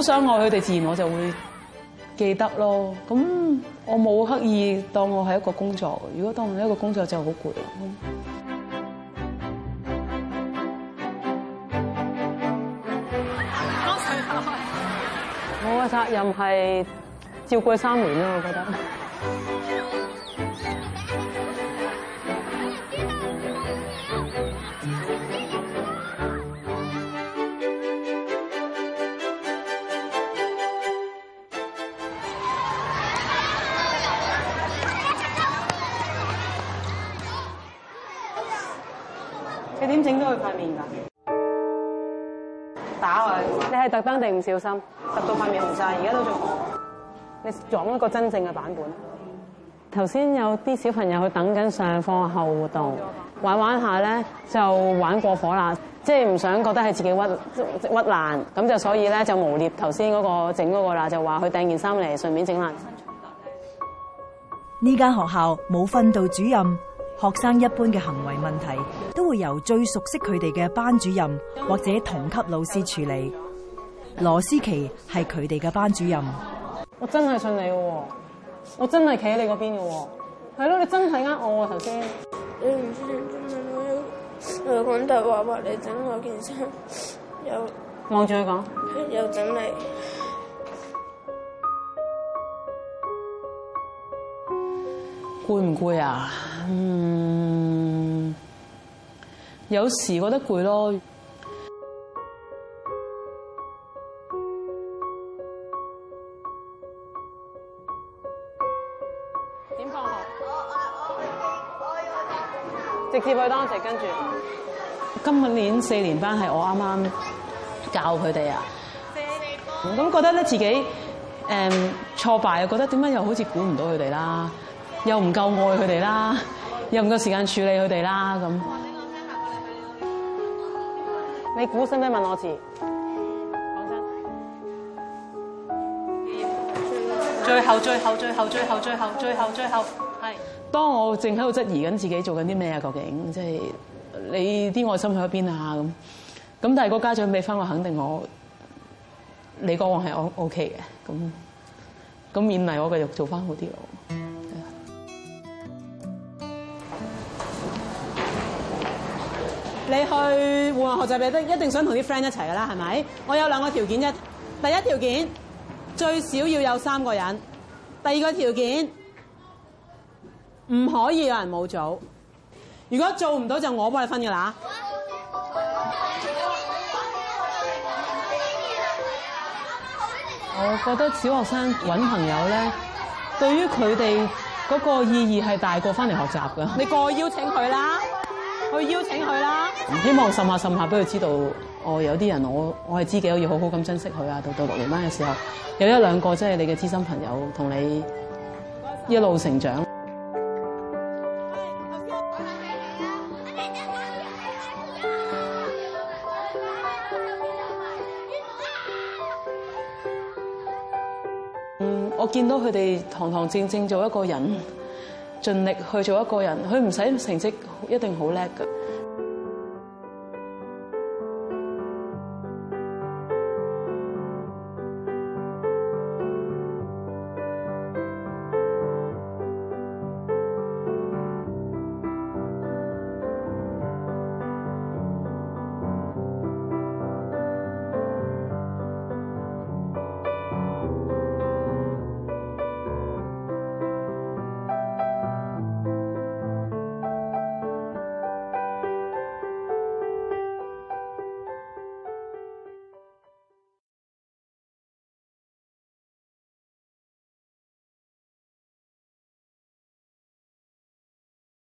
好想愛佢哋，自然我就會記得咯。咁我冇刻意當我係一個工作，如果當我係一個工作就好攰啦。我嘅責任係照顧三年啦，我覺得。你點整到佢塊面㗎？打佢，你係特登定唔小心？十到塊面唔晒。而家都仲好。你撞一個真正嘅版本。頭先有啲小朋友去等緊上課後活動，玩玩一下咧就玩過火啦，即係唔想覺得係自己屈屈爛，咁就所以咧就誣衊頭先嗰個整嗰個啦，就話佢掟件衫嚟順便整爛。呢間學校冇訓導主任。學生一般嘅行為問題都會由最熟悉佢哋嘅班主任或者同級老師處理。羅詩琪係佢哋嘅班主任。我真係信你嘅，我真係企喺你嗰邊嘅，係咯，你真係呃我啊，頭先。你唔知點我要。老公就話話你整我件衫，又望住佢講，講又整理。攰唔攰啊？嗯，有時覺得攰咯。點放學？我我我去接，我要搭車。直接去當時跟住。今年四年班係我啱啱教佢哋啊，咁覺得咧自己誒挫敗又覺得點解又好似估唔到佢哋啦，又唔夠愛佢哋啦，又唔夠時間處理佢哋啦，咁。你估使咩？使問我字？講真。最後，最後，最後，最後，最後，最後，最後，係。當我正喺度質疑緊自己做緊啲咩啊？究竟即係、就是、你啲愛心去咗邊啊？咁咁，但係個家長俾翻我肯定我，你個王係、OK、我 OK 嘅，咁咁勉勵我繼續做翻好啲咯。你去戶外學習嘅都一定想同啲 friend 一齊㗎啦，係咪？我有兩個條件啫。第一條件最少要有三個人。第二個條件唔可以有人冇組。如果做唔到就我幫你分㗎啦。我覺得小學生揾朋友咧，對於佢哋嗰個意義係大過翻嚟學習㗎。你過嚟邀請佢啦。去邀請佢啦！希望滲下滲下，俾佢知道我、哦、有啲人，我我係知己，我要好好咁珍惜佢啊！到到六年班嘅時候，有一兩個即係你嘅知心朋友，同你一路成長。嗯，我見到佢哋堂堂正正做一個人。盡力去做一個人，佢唔使成績一定好叻㗎。